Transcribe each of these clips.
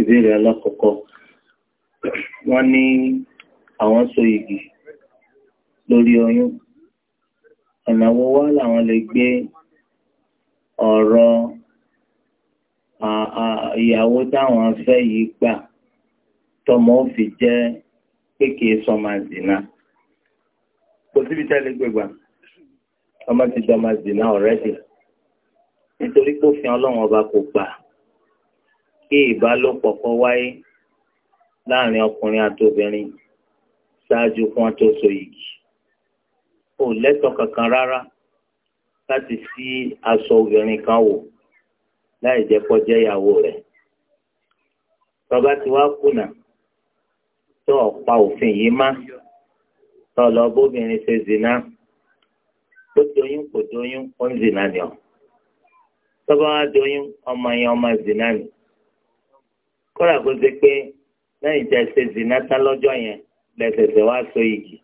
ìbéèrè alákọ̀ọ́kọ́ wọ́n ní àwọn so igi lórí oyún ọ̀nà wo wá làwọn lè gbé ọ̀rọ̀ ìyàwó táwọn fẹ́ yìí gbà tọmọ ó fi jẹ́ pé kì í sọmọ àzìnà kò síbi tẹ́lẹ̀ gbégbà ọmọ ti dọmọ àzìnà ọ̀rẹ́dì nítorí pé òfin ọlọ́run ọba kò gbà kí ìbálòpọ̀ kan wáyé láàrin ọkùnrin àti obìnrin ṣáájú kí wọ́n tó so yìgì kò lẹ́tọ̀ọ́ kankan rárá láti sí aṣọ obìnrin kan wò láì jẹ́ kó jẹ́ ìyàwó rẹ̀ tọba tí wàá kùnà tó ọ̀pá òfin yìí má tó lọ bóbìnrin ṣe zina tó doyún kò doyún ó ń zina ni tọba wàá doyún ọmọ yẹn ọmọ zina ni kọ́ra kó ṣe pé lẹ́yìn tẹ́ ṣe zina tán lọ́jọ́ yẹn lẹ́sẹ̀sẹ̀ wá so igi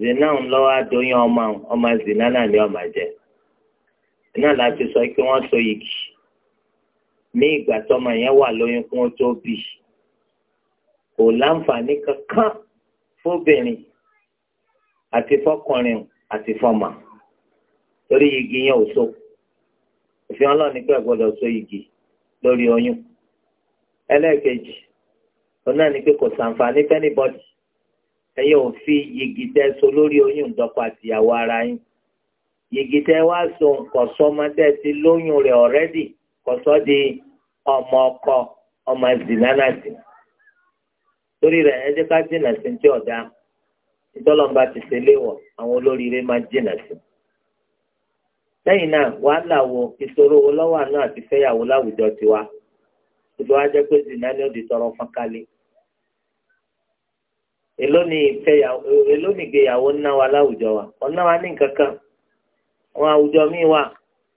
zina ń lọ́wọ́ adóyún ọmọ ọmọ zina náà ni ọmọ jẹ náà láti sọ pé wọ́n so igi ní ìgbà tọ́mọ yẹn wà lóyún kí wọ́n tó bì kò láǹfààní kankan fóbìnrin àti fọkùnrin àti fọmọ torí igi yẹn ò so òfin ọlọ́ọ̀ni pé gbọ́dọ̀ so igi lórí oyún. ẹlẹ́ẹ̀kejì òun ni pé kò sàǹfààní fẹ́nìbọ́dì ẹ̀yin ò fi yìgì so lórí oyún ìdọ́kọ àtìyàwó ara yín yìgì wá so nǹkan sọmọ ti lóyún rẹ̀ ọ̀rẹ́dì kò di ọmọ ọkọ ọmọ zinanasi torí rẹ̀ ẹ jẹ́ ká jìnnà sí ti ọ̀dà ìtọ́lọ́mba ti ṣe léwọ̀ àwọn olóríire máa sí lẹ́yìn náà wàhálà wo ìṣòro wo lọ́wọ́ àná àti ìlú ajẹ́ pé zina ni ó di tọrọ fọ́nkálẹ̀ èló ni ìfẹ́yàwó èló ni ìgbéyàwó ń wa láwùjọ wa ọ̀nà wa ní nǹkan kan àwọn àwùjọ míì wà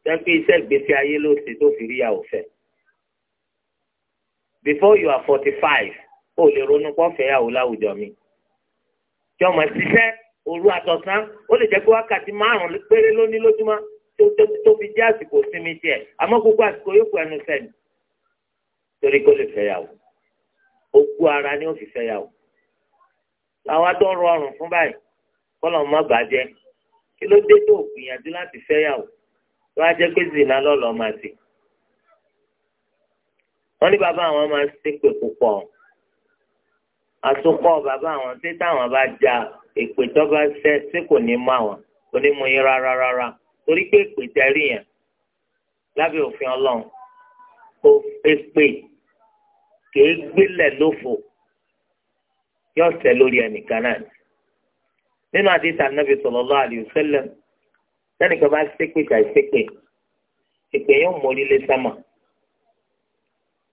jẹ́ pé iṣẹ́ ìgbésí ayé ló ṣe tó fi rí ìyàwó fẹ́ before you are forty five o lè ronú pọ́ fẹ́yàwó láwùjọ mi tí ọmọ ṣiṣẹ́ òru àtọ̀sán ó lè jẹ́ pé wákàtí márùn-ún péré ló ní lójúmọ́ tó fi jẹ́ àsìkò sinmi tiẹ̀ àmọ́ gbogbo àsìkò yóò kú ẹnu sẹ́ni torí kó lè fẹ́yàwó okú ara ni ó fi fẹ́yàwó làwa tó rọrùn fún báyìí kọ́lọ̀ má bàjẹ́ kí ló dé tó gbìyànjú láti fẹ́yàwó tó wá jẹ́ pé zina lọ́lọ́ máa ṣe wọ́n ní bàbá àwọn máa ṣépè púpọ̀ àtúkọ̀ bàbá àwọn tí táwọn bá ja èpè tó bá ṣẹ́ tí kò ní mú àwọn kò ní mú yín rárá rárá torí pé èpè tẹ́rí yẹn lábẹ́ òfin ọlọ́run èpè kìí gbélẹ̀ lófo yóò sẹ lórí ẹnìkan náà nínú àdìsá nàbì sallallahu alayhi wa sallam sẹ́nìkan bá ṣépè tàì ṣépè ìpè yóò mórí lé sámà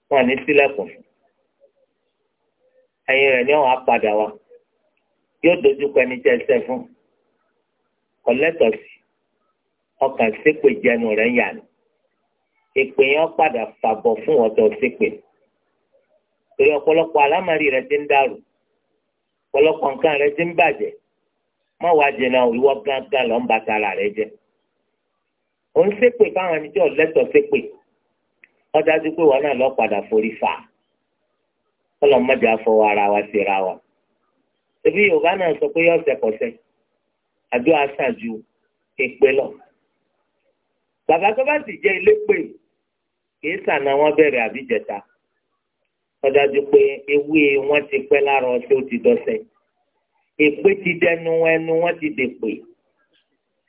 wọn ní sílẹ̀kùn ẹ̀yìn rẹ̀ ní ọ̀hún apàdà wa yóò dojú kọ ẹni jẹ́ ẹsẹ̀ fún kọ́lẹ́tọ̀sì ọkàn ṣépè jẹnu rẹ̀ yàn ìpè yẹn padà fàbọ̀ fún ọ̀tọ̀ ṣépè. torí ọ̀pọ̀lọpọ̀ alámàrí rẹ ti ń dàrú ọ̀pọ̀lọpọ̀ nǹkan rẹ ti ń bàjẹ́ má wàá jìnnà ìwọ gángan lọ ń tara rẹ jẹ ò ń ṣépè fáwọn ẹni tí ò wọn náà lọ padà forí fà ọlọmọdé afọwọ ara wa wa ebi yorùbá náà sọ pé ju lọ bàbá tó bá sì ilé pè ọdájú pé ewé wọn ti pẹ́ lára ọtí ó ti dọ̀sẹ̀ èpè ti dẹnu ẹnu wọn ti dèpè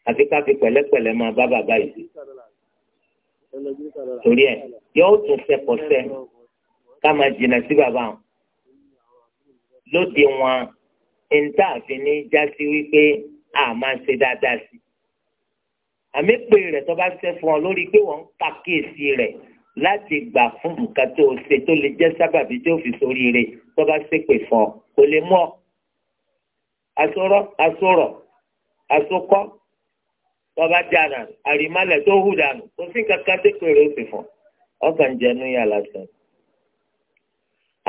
àfi ká fi pẹ̀lẹ́pẹ̀lẹ́ máa bá bàbá yìí torí ẹ yóò tún sẹpọsẹ ká máa jìnnà sí bàbá wọn lóde wọn níta àfin ní jásí wípé a máa ń ṣe dáadáa sí àmì pé rẹ tó bá ṣẹ fún ọ lórí pé wọn ń pàkíyèsí rẹ láti gbà fún nǹkan tó ṣe tó lè jẹ́ sábàbí tó fi ṣoríire tó bá ṣépè fún ọ kò lè mú ọ. asọ̀rọ̀ asọ̀rọ̀ asokọ́ tọba dànù àrímálẹ̀ tó hù dànù kò sí kankan tó pèrè ó sì fún ọkàn jẹnu yà lásán.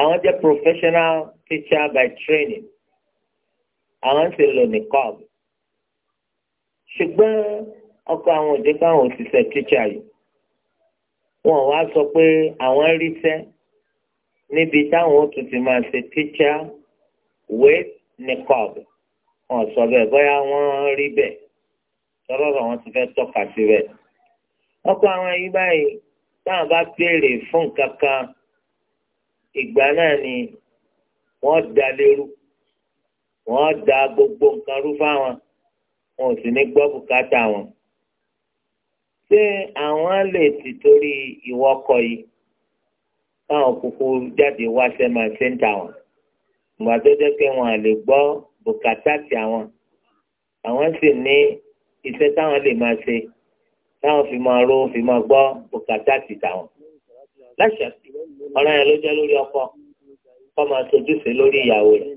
àwọn jẹ́ professional teacher by training àwọn ń ṣe lò ní cob ṣùgbọ́n ọkọ̀ àwọn òde káwọn òṣìṣẹ́ teacher yìí wọn wá sọ pé àwọn ríṣẹ́ níbi táwọn tún ti máa ṣe tíṣà with niqab wọn sọ bẹ́ẹ̀ bóyá wọ́n rí bẹ́ẹ̀ tọ́lọ́rọ̀ wọn ti fẹ́ tọ́ka sí rẹ̀. ọkọ àwọn yìí báyìí táwọn bá béèrè fún nǹkan ìgbà náà ni wọ́n da lérú wọ́n da gbogbo nǹkan rú fáwọn wọn ò sì ní gbọ́ bùkátà wọn ṣé àwọn lè ti torí ìwọ́kọ yìí káwọn kúkú jáde wá sẹ́mà sẹ́ńtà wọn ìgbà tó jẹ́ pé wọn à lè gbọ́ bùkátà ti àwọn àwọn sì ní iṣẹ́ táwọn lè máa ṣe táwọn fi máa ró fi máa gbọ́ bùkátà ti tàwọn. láṣà ọ̀ràn yẹn ló jẹ́ lórí ọkọ kọ́ máa tojúṣe lórí ìyàwó rẹ̀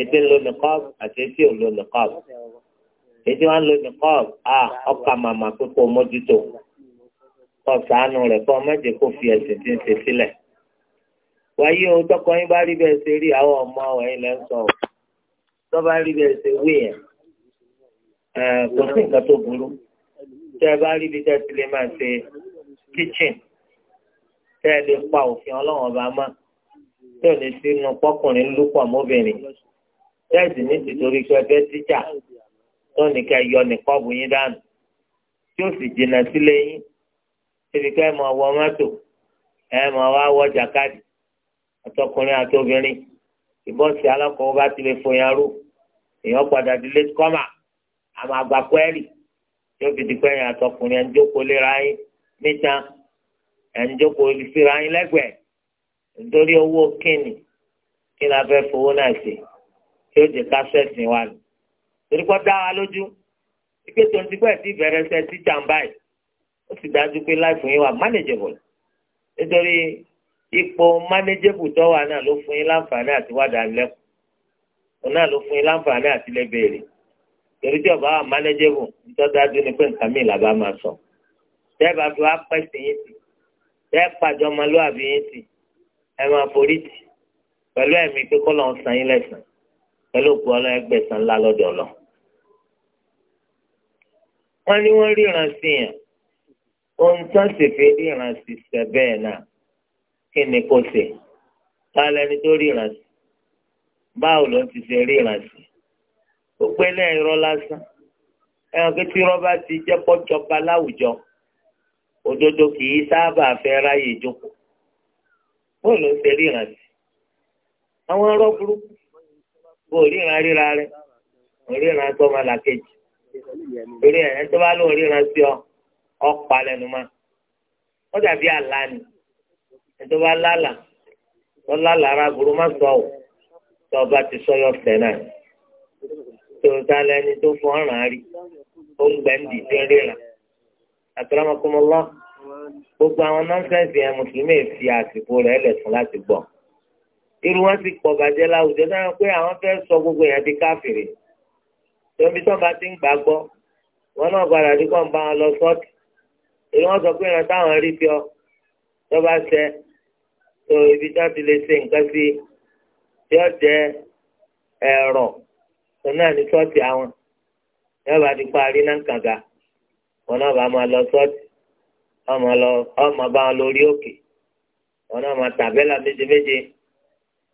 ètè ń lo nìkọ́ọ̀bù àti ètè ò lo nìkọ́ọ̀bù ètò wa ń lo nìkọ́ọ̀bù a ọkà màmá pé kó mójútó kọ́ sànù rẹ̀ kọ́ mẹ́jẹ kó fi ẹ̀sìn tí ń ṣe sílẹ̀. wàyí o tọkọ yín bá rí bẹ́ẹ̀ ṣe rí àwọn ọmọ ẹ̀yìn lẹ́ ń sọ ọ́ tó bá rí bẹ́ẹ̀ ṣe wí yẹn kò sí nǹkan tó burú tẹ́ ẹ bá rí bí tẹ́ ti lè máa ṣe kíchìn tẹ́ ẹ lè pa òfin ọlọ́wọ́n bá má tẹ́ ò ní sínú pọ́kùnrin lúpọ̀ mọ́bìnrin tẹ́ ẹ sì ní tìtorí pé ẹ fẹ́ tíjà tó nìkan yọ nìkọ́ọ̀bù yín dànù tí ó sì jìnnà sílé yín ebi ká ẹ máa wọ mọ́tò ẹ máa wá wọ jàkadì àtọkùnrin àtobìnrin ìbọ́sì alákọ̀ọ́ bá ti lè fòyàn rú èèyàn padà délé kọ́mà àmọ́ àgbà pẹ́ẹ́lì fi di àtọkùnrin jókòó léra yín níta jókòó síra yín lẹ́gbẹ̀ẹ́ nítorí owó torí kọ́ dá wa lójú ike tó ń ti pẹ́ ti bẹ̀rẹ̀ ṣe ti jàǹbá yìí ó sì dájú pé láìfún yín wà manageable nítorí ipò manageable tó wà náà ló fún yín láǹfààní àti wádà lẹ́kùn òun náà ló fún yín láǹfààní àti lẹ́bẹ̀rẹ̀ torí tí ọba wà manageable nítorí dájú ni pé nǹkan mìíràn bá máa sọ tẹ́ẹ̀bà fi wá pẹ̀sì yín sí tẹ́ẹ̀ pàjọ́ ọmọlúwàbí yín sí ẹ máa pẹ̀lú ẹ̀mí pé kọ́ pẹ̀lú òkú ọlọ́ẹgbẹ̀sán ńlá lọ́dọ̀ lọ. wọ́n ní wọ́n ríran sí yàn ohun tó ń sì fi ríran sí sẹ́ bẹ́ẹ̀ náà kí ni kò sí kálẹ̀ ni tó ríran sí báwo ló ń ti ṣe ríran sí gbogbo ẹlẹ́yìn irọ́ lásán ẹ̀hàn pé tí rọ́bà ti jẹ́ pọ́jọba láwùjọ òdodo kì í sábà fẹ́ ráyè jókòó báwo ló ń ṣe ríran sí àwọn ọ̀rọ̀ burúkú òríran ríra rẹ òríran tó máa là kejì torí ẹ̀ tó bá lóun ríran sí ọ ọ̀pá lẹ́nu ma ó dàbí àlá ni ẹni tó bá lálà tó lálà ara burú má sọ ọ tó ọba ti sọyọ fẹ náà tó ta lẹni tó fọ ọràn rí ó ń gbẹ̀ǹdì tó ríran àtàlámọkùnmọ́lá gbogbo àwọn nọ́ńsẹ̀nsì mùsùlùmí fi àsìkò lẹ̀ fún láti irú wọn sì pọ̀ bàjẹ́ láwùjọ náà pé àwọn fẹ́ sọ gbogbo èèyàn di káfìrì tóbi tó bá ti ń gbàgbọ́ wọn náà padà dé kọ́ ń bá wọn lọ sọ́ọ̀tì èyí wọ́n sọ pé ìran táwọn rí fi ọ tó bá ṣẹ tó ibi tó ti lè ṣe nǹkan sí tí ó jẹ ẹ̀rọ tó náà ní sọ́ọ̀tì àwọn yóò bá ti parí náà kàga wọn náà bá máa lọ sọ́ọ̀tì ọmọ bá wọn lórí òkè wọn náà máa tàbẹ́là méje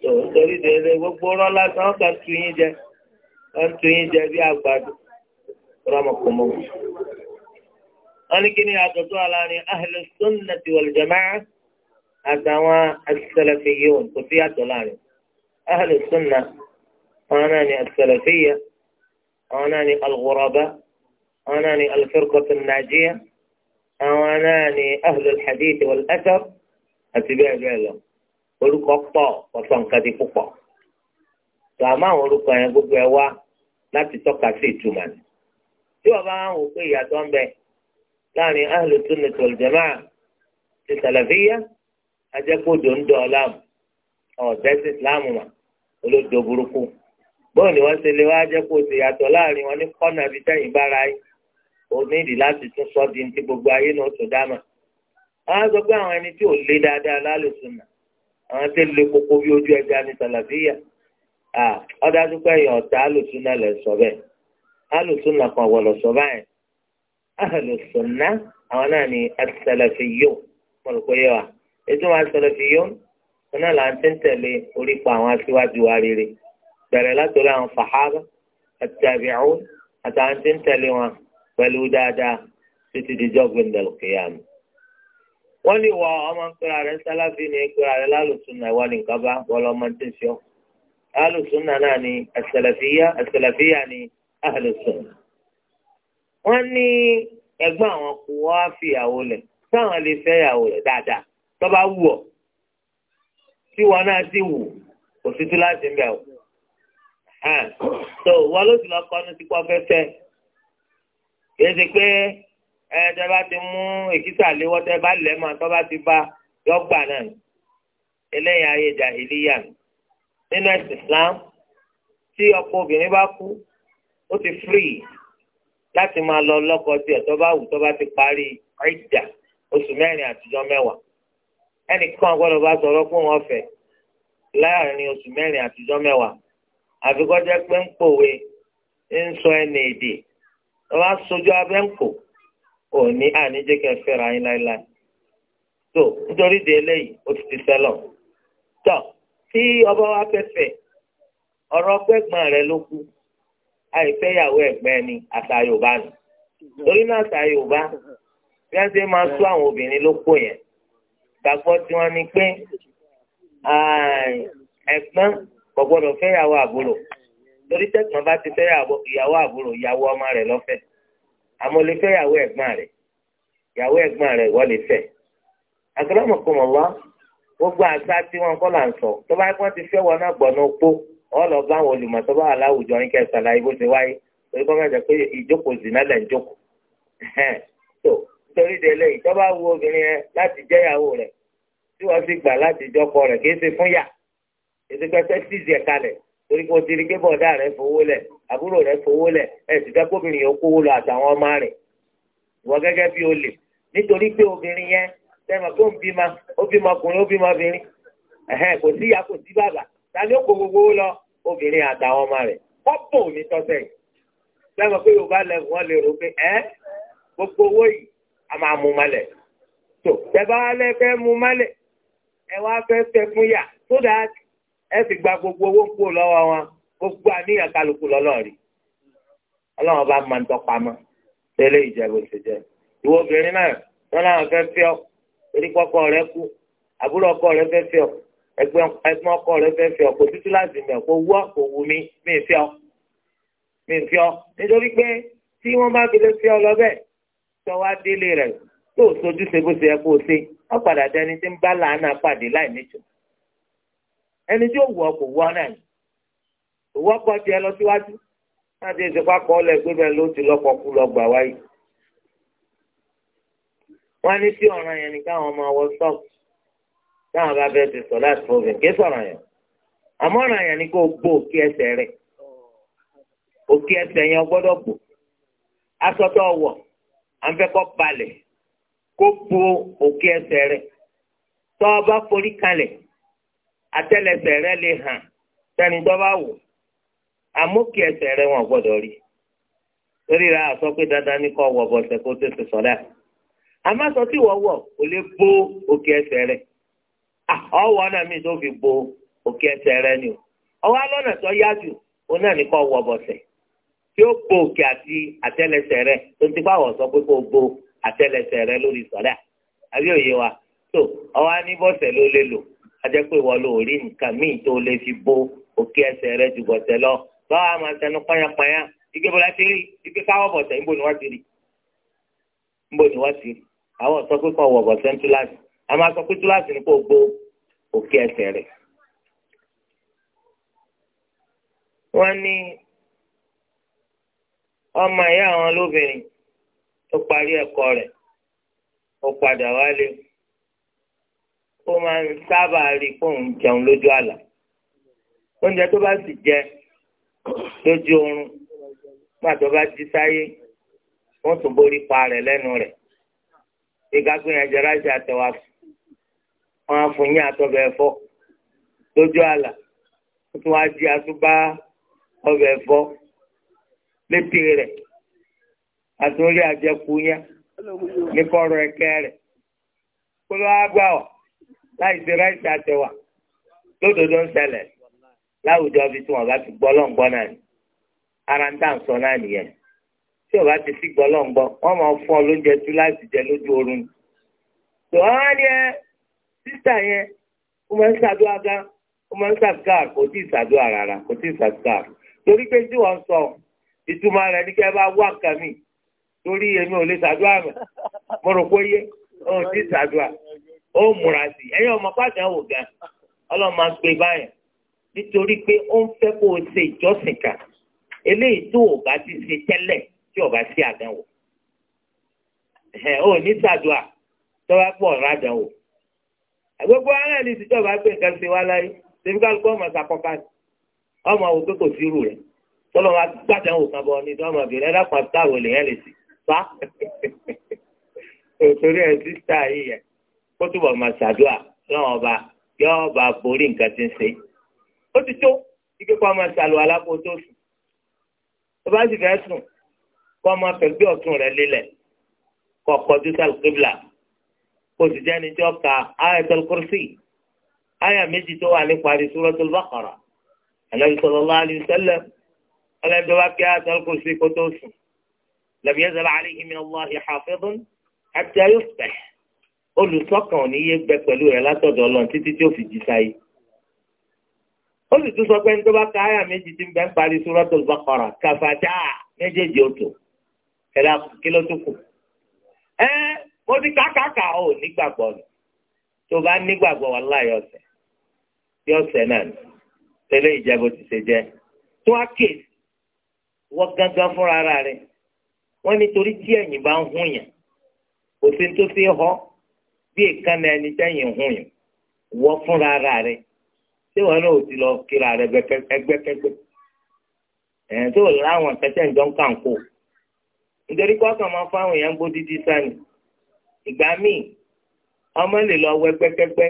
tó nítorí dèrè gbogbo rán lásán wọn kàn tu yín jẹ wọn tu yín jẹ bí àgbàdo rọmọkùnmọ. wọn ní kí ni àtọ̀tọ̀ alárin ahlu sunnati wal jama'a àtàwọn as-salafiyyun kò sí àtọ̀ láàrin ahlu sunna àwọn náà ni as-salafiyya àwọn náà ni al-ghuraba àwọn náà ni al-firqatu an-najiyya àwọn náà ni ahlu al-hadith wal-athar àti bẹ́ẹ̀ bẹ́ẹ̀ lọ. orúkọ pọ̀ ọ̀sán nǹkan ti púpọ̀ tó àmọ́ àwọn orúkọ yẹn gbogbo ẹ wá láti tọka sí ìtumọ̀ ni tí wọ́n bá wò pé ìyàtọ̀ ń bẹ láàrin ahlu sunnah wal jamaa ti ń islam olódò burúkú ni ṣe lè wá láàrin wọn ní di ti gbogbo ayé náà tó á sọ pé àwọn ẹni tí ò lé dáadáa lálùsùn àwọn tẹ́ lé koko bí ojú ẹja ní sàlàfíà ọ̀dájú pé èèyàn ọ̀tá alùsùnà lè sọ bẹ́ẹ̀ alùsùnà kan wọ̀ lọ sọ báyìí alùsùnà àwọn náà ní asàlàfíyò mo rò pé yẹ wa ètò àwọn asàlàfíyò wọn náà là ń tẹ́ ń tẹ̀lé orípa àwọn aṣíwájú wa rere bẹ̀rẹ̀ látọ̀rí àwọn fàhábà àtàbíàún àtàwọn tẹ́ ń tẹ̀lé wọn pẹ̀lú dáadáa títí dijọ́ gbẹ̀ndẹ̀lùkìyàmù wọ́n lè wọ ọmọ nkpera rẹ̀ sálábì ní nkpera rẹ̀ lálùsùnà ìwà ní nǹkan bá wọ́n lọ́mọ tí ń sọ. lálùsùnà náà ni àsàlàfíyà àsàlàfíyà ni àlùsùnà. wọ́n ní ẹgbọ́n àwọn kù wọ́n á fi ìyàwó lẹ̀ sáwọn lè fẹ́ ìyàwó rẹ̀ dáadáa tó bá wù ọ́ tí wọn náà sì wù kò sí tú láti ń bẹ̀ o. so wọ́n ló sì lọ kọ́ ní tipọ́ fẹ́fẹ́ ẹ tẹ bá ti mú èkìtà léwọ́ tẹ bá lẹ̀ mọ́ tọ́ bá ti bá yọgbà náà eléyà ayé jàhìlíyà nínú ẹ̀sìn Islam tí ọkọ obìnrin bá kú ó ti fírì láti máa lọ lọ́kọ tiẹ̀ tó bá wù tó bá ti parí ìjà oṣù mẹ́rin àtijọ́ mẹ́wàá ẹnìkan gbọ́dọ̀ bá sọ̀rọ̀ fún wọn fẹ́ láàrin oṣù mẹ́rin àtijọ́ mẹ́wàá àfikọ́jẹ́ pé ń pòwe ń sọ ẹnì èdè tó bá sojú abẹ́ ń pò òní àníjẹ́ kẹ́ fẹ́ra yín láéláé tó nítorí di eléyìí ó ti ti sẹ́lọ̀ tó tí ọba wa fẹ́fẹ́ ọ̀rọ̀ gbẹ́gbọ́n rẹ ló kú àìfẹ́yàwó ẹ̀gbẹ́ ni àṣà Yorùbá nù torí náà àṣà Yorùbá bí wọ́n ṣe máa sún àwọn obìnrin ló kó yẹn gbàgbọ́ tí wọ́n ní pé ẹ̀gbọ́n kò gbọ́dọ̀ fẹ́yàwó àbúrò torí tẹ̀gbọ́n bá ti fẹ́yàwó àbúrò ìyàwó ọmọ rẹ̀ lọ́fẹ̀ẹ́ àmọ́ lè fẹ́ yàwó ẹ̀gbọ́n rẹ̀ yàwó ẹ̀gbọ́n rẹ̀ ìwọ lè fẹ́ àkàràmọ̀kọ̀mọ̀lá gbogbo àṣà tí wọn kọ́ là ń sọ tó bá kọ́ ti fẹ́ wọn náà gbọ̀nà opó ọlọ bá àwọn olùmọ̀ tó bá wà láwùjọ yín kẹsàn án láyé bó ti wáyé torí kọ́ mẹ́jọ pé ìjókòó zì náà lẹ̀ ń jókòó tó nítorí délé yìí tó bá wu obìnrin yẹn láti jẹ́ ìyàwó rẹ̀ tí wọ́n sì gbà láti jọ́kọ rẹ̀ kì í ṣe fún yà ètò ìgbésẹ̀ sí ìzì ẹ̀ka lẹ̀ torí kò ti rí pé bọ̀dá rẹ̀ fowó lẹ̀ àbúrò rẹ̀ fowó lẹ̀ ẹ̀ sì fẹ́ kóbìnrin yẹn kówó lọ àtàwọn ọmọ rẹ̀ ìwọ gẹ́gẹ́ bí olè nítorí pé obìnrin yẹn sẹ́mi kó ń bímọ ó bímọ ọkùnrin ó bímọ obìnrin ẹ̀hẹ́n kò sí ìyá kò sí bàbá tani ó kó gbogbo lọ obìnrin àtàwọn ọmọ rẹ̀ kọ́pọ̀ òní tọ́sẹ̀ yìí sẹ́mi pé yorùbá lẹ́gùn wọn lè rò pé ẹ́ gbogbo owó yìí a máa mú malẹ̀ tó tẹ́bá fẹ́ mú malẹ̀ ẹ wá fẹ́ fẹ́ fún yà tó dáa ẹ sì gba gbogbo owó kúrò lọ́wọ́ wọn gbogbo àníyàn kálukú lọ́lọ́ọ̀rì ọlọ́run bá máa ń tọpamọ́ tẹ́lẹ̀ ìjẹ́bù ìṣèjẹ́ ìwọ obìnrin náà wọn làwọn fẹ́ fẹ́ ọ torí kọ́kọ́ rẹ kú àbúrò ọkọ rẹ fẹ́ fẹ́ ọ ẹgbẹ́ ọkọ rẹ fẹ́ fẹ́ ọ kò tútù láti mẹ́ kó wú ọ kò wù mí mí fẹ́ ọ mí fẹ́ ọ nítorí pé tí wọ́n bá fi lè fẹ́ ọ lọ bẹ́ẹ̀ tọ́ wá délé rẹ̀ tó sojú ṣe bó ṣe yẹ kó o ṣe wọ́n padà tí ń bá làánà pàdé láì níjọ́ ẹni tí ó wọ kò wọ náà òwò kọ tiẹ lọ síwájú láti ìsìnkú akọ ọlẹ pé bẹ́ẹ̀ ló ti lọkọ kú lọ gbà wáyé wọn ní sí ọ̀ràn yẹn ni káwọn máa wọ sọọkù táwọn bá bẹ ti sọ láti fọwọ́n kí sọ̀rọ̀ yẹn àmọ́ ọ̀ràn yẹn ni kò gbó òkè ẹsẹ̀ rẹ̀ òkè ẹsẹ̀ yẹn gbọ́dọ̀ gbó asọ́tọ̀ wọ̀ àǹfẹ́kọ́ balẹ̀ kó gbó òkè ẹsẹ̀ rẹ̀ tọ́ ọ forí kalẹ̀ àtẹ́lẹsẹ̀ rẹ le hàn sẹ́ni dọba wò rẹ wọn gbọdọ rí torí ra àsọ pé dandan ní wọ bọ̀sẹ̀ kó tó ti sọ tí wọ́n wọ̀ kò lè bo òkè rẹ ọwọ́ náà mi tó fi bo òkè rẹ ni o ọwọ́ alọ́nà tó yá jù ó náà ní wọ tí ó bo òkè rẹ tó ti bá sọ pé rẹ lórí àbí òye wa tó ọwọ́ á ní ló ajẹ́ pé ìwọ ló rí nǹkan míì tó lè fi bo òkè ẹsẹ̀ rẹ ju bọ̀tẹ̀ lọ lọ́wọ́ a máa tẹnu pányápányá ike bọ́lá ti rí ike káwọ́ bọ̀tẹ̀ níbo ni wọ́n ti rí níbo ni wọ́n ti rí àwọn sọ pé kọ́ wọ̀ bọ̀tẹ̀ ń túláàsì a máa sọ pé túláàsì ni kò bo òkè ẹsẹ̀ rẹ̀. wọ́n ní ọmọ ìyá àwọn lóbìnrin tó parí ẹ̀kọ́ rẹ̀ ó padà wálé ó máa ń sábà rí i pé òun jẹun lójú àlá oúnjẹ tó bá sì jẹ lójú oorun pàtó bá jí sáyé wọ́n tún borí pa rẹ̀ lẹ́nu rẹ̀ ìgbàgbé yẹn jẹ ráìsì àtẹwà wọn á fún yín àtọbẹ̀ ẹ̀fọ́ lójú àlà wọ́n tún wá jí àtúbá ọbẹ̀ ẹ̀fọ́ létí rẹ̀ àtúnrí àjẹkù yẹn ní kọ̀rọ̀ ẹ̀kẹ́ rẹ̀ kó ló wá gbà ọ láì ṣe ráìsì àtẹwà lódodo ń ṣẹlẹ̀ láwùjọ bíi tí wọn bá ti gbọ́ lọ́ngbọ́n náà ni ara ń tà ń sọ náà nìyẹn tí o bá ti sí gbọ́ lọ́ngbọ́n wọ́n máa fún ọ lóúnjẹ tú láti jẹ lójú oorun tó wá ní ẹ sísà yẹn ó máa ń ṣàdúrà gá ó máa ń ṣàdúrà kò tí ì ṣàdúrà rárá kò tí ì ṣàdúrà torí pé tí wọ́n sọ ìtumọ̀ rẹ̀ ní kí ẹ bá wá nǹkan torí èmi ò lè ṣàdúrà mọ̀ mo rò pé yé ó ti ṣàdúrà ó múra sí ẹ̀yin ọmọ pàdán wò gan ọlọ́run máa ń gbé báyìí nítorí pé ó ń fẹ́ kó o ṣe ìjọsìn kan eléyìí tó o bá ti ṣe tẹ́lẹ̀ tí o bá ṣe àdánwò ẹ̀ ò ní ṣàdúà tó bá pọ̀ rádánwò gbogbo ara ẹni tí tọ́ba gbé nǹkan ṣe wá láyé ṣèbí kálukú ọmọ ṣàkọ́ká ọmọ àwọn òkè kò sí irú rẹ̀ tọ́lọ́ wa gbàdán òkà bọ̀ ní ìdánwò àbẹ̀rẹ̀ ẹ̀dá kan táwọn èèyàn lè sí fa òtòrí ẹ̀ sísá yìí yẹn kó túbọ̀ máa ṣàdúrà lọ́wọ́ ọba yọ ọba borí nǹkan tí ń ṣe ó ti tó ike kó máa ṣàlù alákòó tó sùn tó bá sì fẹ́ sùn kó máa fẹ́ gbé ọ̀tún rẹ̀ lélẹ̀ kó kọjú sálùkébìlà kó sì jẹ́ níjọ́ ka ayatul kursi aya méjì tó wà ní parí suratul baqara anabi sallallahu alayhi wa sallam ọlọ́dún wa kí ayatul kursi kó tó sùn lam yazal alayhi min allahi hafidun hatta yusbih. olùsọ́kàn ò ní yé gbẹ pẹ̀lú rẹ̀ látọ̀dọ̀ ọlọ́run títí tí ó fi jí sáyé ó sì tún sọ pé ní tó bá ka àyà méjì tí ń bẹ́ ń parí Suratul Baqara kàfàtà méjèèjì òtò kẹlẹ́ kí ló tún kù. ẹ mo ti kàkàkà ò nígbàgbọ́ ni tó bá nígbàgbọ́ wà láàyè ọ̀sẹ̀ bí ọ̀sẹ̀ náà ni tẹ́lẹ̀ ìjẹ́bù ti ṣe jẹ́ tó á kè wọ́n gángan fúnra rẹ̀ wọ́n nítorí tí ẹ̀yìn bá ń kò sí ní tó bí ìkànnì ẹni tẹ́yìn hùn yìí wọ́ fúnra ara rẹ̀ tí wọn náà ò ti lọ kíra rẹ̀ ẹgbẹ́kẹ́gbẹ́ ẹ̀ tó láwọn kẹsẹ̀ ìjọ ń kàn kó nítorí pé ọkàn máa fáwọn èèyàn gbó dídí sani ìgbà míì ọmọ lè lọ wọ ẹgbẹ́kẹ́gbẹ́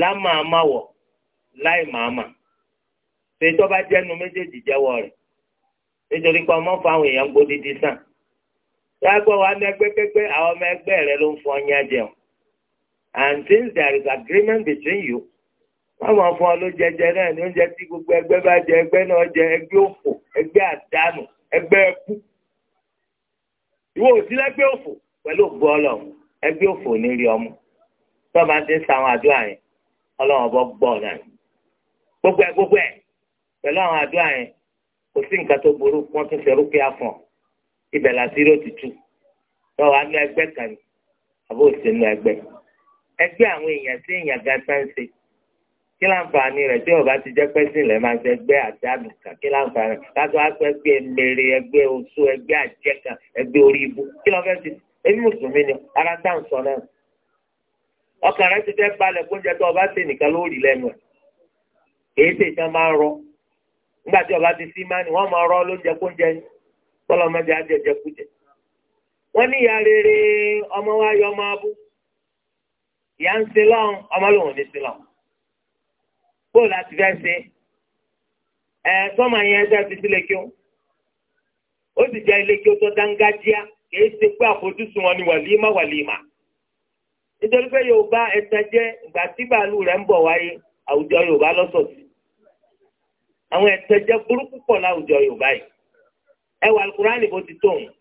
lámàmáwọ̀ láì màmá ṣètò bá jẹ́nu méjèèjì jẹ́wọ́ rẹ̀ nítorí pé ọmọ fáwọn èèyàn gbó dídí sani yàgbọ́ wa lẹ́gbẹ́gbẹ́gbẹ́ àwọn ọmọ ẹgbẹ́ rẹ ló ń fọ ọyàn jẹun and since there is agreement between you wọ́n mọ̀ fún ọ ló jẹjẹ náà ní oúnjẹ tí gbogbo ẹgbẹ́ bá jẹ ẹgbẹ́ náà jẹ ẹgbẹ́ òfò ẹgbẹ́ àdánù ẹgbẹ́ ẹkú ìwọ ò sí lẹ́gbẹ́ òfò pẹ̀lú ògbó ọlọ́run ẹgbẹ́ òfò ní rí ọmú tó máa ti ń sa àwọn àdúrà yẹn ọlọ́run ọbọ̀ gbọ́ náà gbogbo ẹ gbogbo ẹ pẹ̀lú àwọn àdúrà yẹn kò sí nǹkan tó burú wọ́n tún ṣe rúkìá fún ọ ibẹ̀ làṣírí òtútù lọ́wọ́ anú ẹgbẹ́ kan abụọ si ẹgbẹ́ ẹgbẹ́ àwọn èèyàn sí èèyàn gan sáńsì kí láǹfààní rẹ̀ tí ọba ti jẹ́ pẹ́ sí máa ṣe ẹgbẹ́ àdánù kan kí láǹfààní látọ̀ egbe ẹgbẹ́ mèrè ẹgbẹ́ oṣù ẹgbẹ́ egbe ẹgbẹ́ orí ibu kí lọ́ọ́ fẹ́ ti ẹbí mùsùlùmí ni ara tá à ń sọ náà ọkàn rẹ ti tó ọba nìkan lórí èyí máa rọ ọba ti máa kọlọmọdé ajẹjẹ kújẹ wọn ní ìyá rere ọmọ wa yọ ọmọ abú ìyá ń ṣe lọ́hùn ọmọ lòun ò ní ṣe lọ́hùn bóòlù àti fẹ́ ṣe ẹ sọmọ yẹn ẹsẹ ti sílẹ̀ kí o ó sì jẹ ilé kí ó tó dángájíá kì í ṣe pé àfojúsùn wọn ni nítorí pé yorùbá wáyé àwùjọ yorùbá àwọn ẹsẹ jẹ burúkú láwùjọ yorùbá yìí ẹwà alukurani bó ti tó wọn.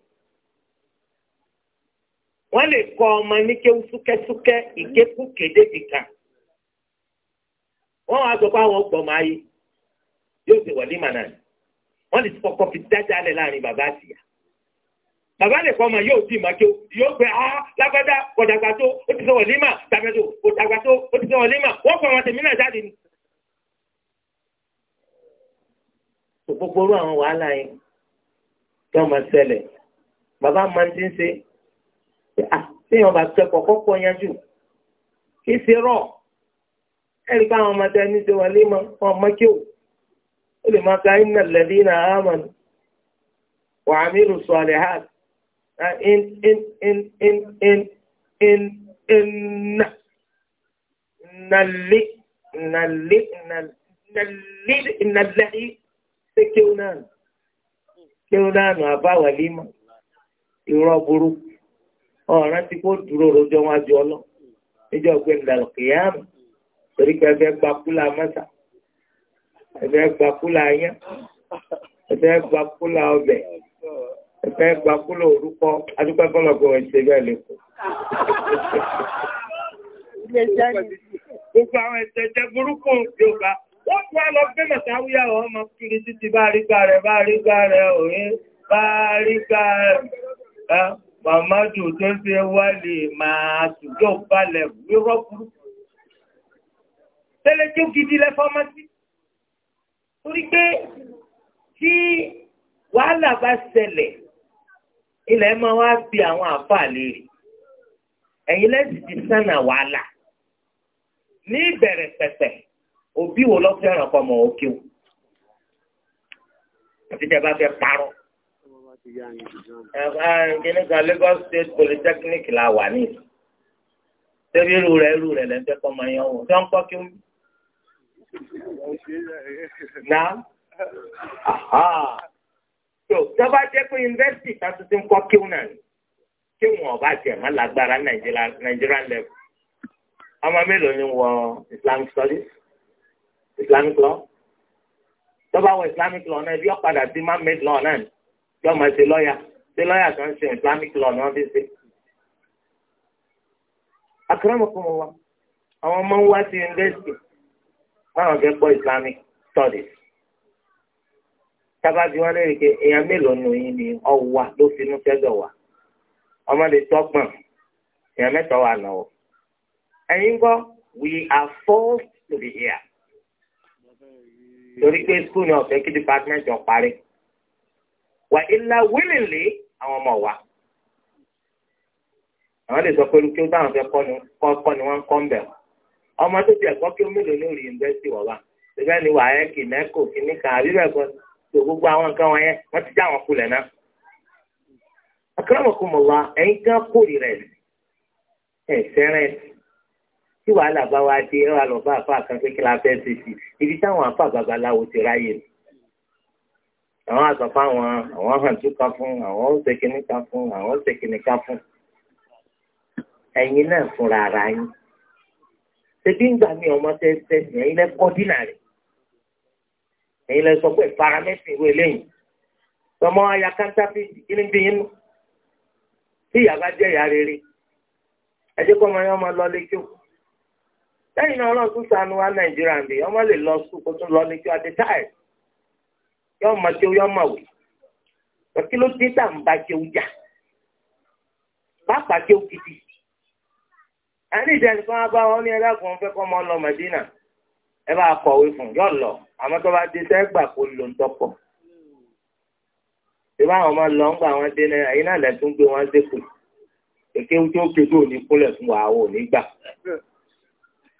wọ́n lè kọ́ ọmọ ní kéwú súkẹ́súkẹ́ ìkékúké débi kan. wọ́n wá sọ pé àwọn ọgbọ̀n máa yí yóò ṣe wọlé màná ni. wọ́n lè kọ́kọ́ fi dájà lẹ̀ láàrin bàbá àti ìyá. bàbá lè kọ́ ọmọ yóò dì má kéwú yóò pé á ah, lágbádá kọ̀dàgbà tó ó ti sọ wọlé mà tàbẹ́tò kọ̀dàgbà tó ó ti sọ wọlé mà wọ́n kọ́ ọmọ náà jáde ni. gbogbo orú àwọn wàhálà yẹn yóò máa ṣẹlẹ̀ bàbá máa ń ti ń ṣe téèyàn bá kẹ́kọ̀ọ́ kọ́kọ́ yanjú kì í ṣe rọ̀ ẹ̀rí káwọn ọmọdé ẹni ṣe wà léèmọ̀ wọn ọmọ kí o ó lè máa ka iná lẹ́dí iná àmàlù wà á mi rùsọ̀ àlẹ́ hà in in in in in in in na nàlẹ́ nàlẹ́ nàlẹ́ nàlẹ́ ṣé kéwù náà kéwúdánù àbáwọlé mọ irọ́ burúkú ọ̀ràn tí kò dúró rojọ́ wọn àjọ lọ níjọ́ pé ńdàlọ́ kìyàmù torí pé ẹfẹ́ gba kúlà mẹ́ta ẹfẹ́ gba kúlà yẹn ẹfẹ́ gba kúlà ọbẹ̀ ẹfẹ́ gba kúlà orúkọ adúgbò ẹgbọ́lọ́gbọ̀ ẹ̀ ṣe bẹ́ẹ̀ lẹ́kọ̀ọ́. gbogbo àwọn ẹ̀sẹ̀ jẹ́ burúkú yóò bá. Wọ́n tún a lọ gbé mẹ̀sáwíyà wọn máa kiri títí bá rí gbà rẹ̀ bá rí gbà rẹ̀ òun bá rí gbà rẹ̀. Màmádù tó ṣe wálé máa tùjọ́ balẹ̀ wírọ́ burú. Tẹ́lẹ̀ tí ó gidi lẹ fọ́mọ́sí. Torí pé tí wàhálà bá ṣẹlẹ̀, ilẹ̀ máa wá bí àwọn àfáà léèrè. Ẹ̀yin lẹ́sìn ti sánà wàhálà. Ní ìbẹ̀rẹ̀ pẹ̀pẹ̀ òbí wo lọ fẹ́ràn pọ̀ mọ́ òkè o àti tẹ́ bá fẹ́ parọ́. kíní kan Lagos State Polytechnic la wà ní ìlú tẹ́bí irú rẹ̀ irú rẹ̀ lẹ́ńtẹ́ kọ́ máa yan wọ̀ tí wọ́n ń kọ́ kí wọ́n. na tó tọ́ba jẹ́ pé yunifásitì tàbí ti ń kọ́ kí wọ́n náà kí wọ́n ọba jẹ̀ má lágbára Nàìjíríà level ọmọ mélòó ni wọ́n Islam studies islamic law tọ́ba wọ islamic law náà ibi ọ̀padà sí man-made law náà yọ ọmọ ẹsẹ̀ lọ́ọ̀yà ṣé lọ́ọ̀yà kan ṣe islamic law ni wọ́n fi ṣe. akérèmọ̀kọ́ wọn wá àwọn ọmọ ń wá sí yunifásitì báwọn fẹ́ gbọ́ islamic studies. tábà bí wọ́n lè rí i pé èèyàn mélòó nù yín ni ọ̀wà ló finú fẹ́dọ̀ wá ọmọdé tọ́gbọ̀n èèyàn mẹ́tọ̀ wà náà ẹ̀yin gbọ́ we are forced to be here torí pé skul ni ọ̀fẹ́ kí dìpátímẹ́ǹtì ọ̀ parí wà ilà wílìlì àwọn ọmọ wa àwọn lè sọ pé olùkí ó dáhùn fẹ́ kọ́ ni kọ́ ni wọ́n ń kọ́ ń bẹ̀ ọmọ tó ti ẹ̀kọ́ kí ó mélòó ní orí yunifásitì wọ̀ wá ṣùgbọ́n ní wàá ẹ̀kì mẹ́kò kìíní kan àbí bẹ́ẹ̀ kọ́ tó gbogbo àwọn nǹkan wọn yẹn wọ́n ti já àwọn kulẹ̀ náà akérèmọ̀kùnmọ̀ wa ẹ̀yin gán kórìíra ẹ̀ ẹ̀ fẹ́ràn tí wàhálà bá wá dé ẹ wà lọ bá àfa kan pé kí la fẹ́ ṣe sí ibi táwọn àfa babaláwo ti ráyè nù àwọn àtọ̀fà àwọn àwọn hàǹtú kan fún àwọn ṣèkínní kan fún àwọn ṣèkínní kan fún ẹ̀yin náà fúnra ara yín ṣebí ń gbà mí ọmọ tẹ́tẹ́ ẹ̀yin lẹ́ kọ́ dínà rẹ̀ ẹ̀yin lẹ́ sọ pé paramẹ́sì ìwé lẹ́yìn tọmọ aya kántáfì kí ni bí yín nù tí ìyá bá jẹ́ ìyá rere ẹ jẹ́ kọ́ ọmọ yẹn ọmọ lọ lé kíó. lẹ́yìn náà ọlọ́run tún ṣàánú wa nàìjíríà ń bè ọmọ lè lọ sùn kó tún lọ ní kí adé táì yọ ọmọ tí ó yọ ọmọ wò lọ́kí ló dé tá bá jẹun jà pápá jẹun gidi bá wọn ní ẹlẹ́gùn fẹ́ lọ mẹ́dínà ẹ bá kọ̀wé fún lọ àmọ́ tó bá dé sẹ́ gbà kó ń tọ́pọ̀ lọ ń gbà wọn dé náà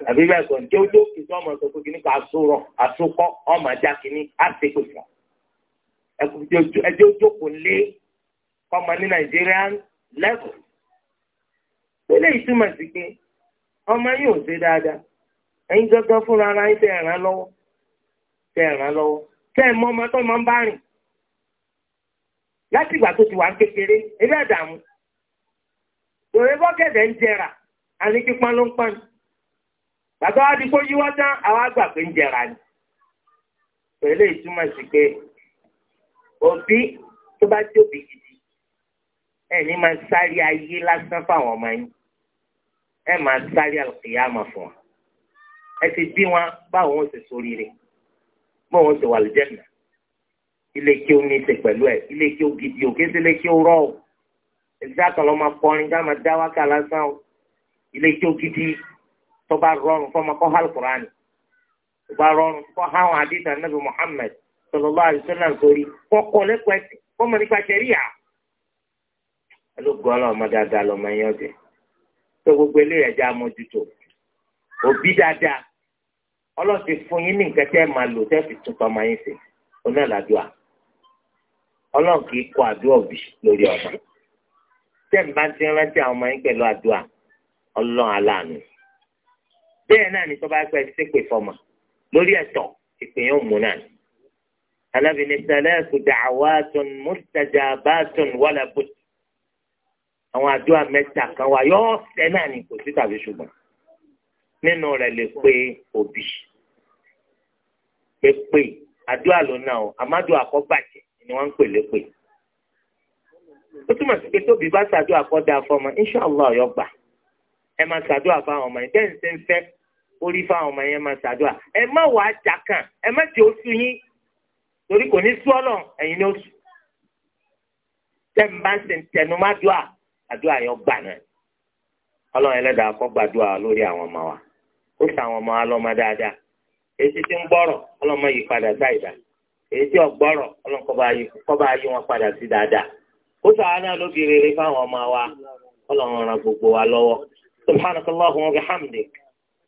àbí bẹ́ẹ̀ sọ ǹjẹ́ ojú òkè tí wọ́n mọ̀ sọ pé kìíní kan àsúrọ̀ àsúkọ́ ọmọ ajá kìíní á ti pè fún ẹjẹ́ ojú kò lé ọmọ ní Nigerian level lélẹ̀ ìtumọ̀ sí pé ọmọ yìí ò ṣe dáadáa ẹ̀yin gángan fúnra ara yín tẹ̀ ràn lọ́wọ́ tẹ̀ ràn lọ́wọ́ tẹ̀ mọ ọmọ tó máa ń bá rìn láti ìgbà tó ti wà kékeré ebí àdàmú òwe bọ́kẹ̀dẹ̀ ń jẹrà àní pípọ́n ló ń pọ́n ni bàbá wa di kó yí wá tán àwọn àgbà pé ń jẹra ni pẹ̀lú ìtumọ̀ sí pé òbí tó bá tí òbí gidi ẹ ní máa sáré ayé lásán fáwọn ọmọ yín ẹ máa sáré àlùkìyàmọ̀ fún wọn ẹ ti bí wọn báwọn ó ṣe ṣoríire báwọn ó ṣe wà lùjẹ́nà ilé kí ó ní í ṣe pẹ̀lú ẹ̀ ilé kí ó gidi òkè sí ilé kí ó rọ̀ ọ́ ìdíjà kan máa kọrin ká máa dá wákà lásán ilé kí ó gidi. tó rọrùn fọmọ kọ́ hàn kúránì tó bá rọrùn kọ́ hàn àdìsá nàbì Muhammad sallallahu alaihi wasallam sórí kọ́kọ́ lẹ́kọ̀ọ́ ẹ̀sìn fọmọ nípa jẹ̀ríyà. alógun ọlọ́mọ yẹn tó gbogbo eléyà jẹ́ amójútó òbí dáadáa ọlọ́sì fún yín ní nǹkan máa lò fi tún yín sí kì í kọ àdúrà lórí bá ti rántí àwọn ọmọ yín aláàánú bẹ́ẹ̀ náà ni tó bá gba ẹsẹ̀ pè fọmọ lórí ẹ̀tọ́ ìpè yóò mú náà alábìnrin sàlẹ́sù dàwátùn mustajābātun wala bud àwọn àdúrà mẹ́ta kan wà yọ́ ọ̀sẹ̀ náà ni kò sí tàbí ṣùgbọ́n nínú rẹ̀ lè pe òbí lè pe àdúrà ló náà o àmádùn àkọ́bàjẹ́ ni wọ́n ń pè lè pe ó túmọ̀ sí pé tóbi bá ṣàdúrà kọ́ da fọmọ inṣàlá ọ̀yọ́ gbà ẹ máa ṣàdúrà fáwọn ọmọ yìí tẹ́ǹsì ń fẹ́ orí fáwọn ọmọ yẹn máa ṣàdúrà ẹ má wà jà kàn ẹ má yín torí kò ní sú ọlọ́run ẹ̀yin ní oṣù bá ń tẹnu má dùà àdúrà gbà náà ọlọ́run ẹlẹ́dàá kó lórí àwọn ọmọ wa ó ọmọ wa dáadáa èyí tí ń gbọ́rọ̀ yìí padà èyí tí yí wọn padà sí dáadáa ó àwọn náà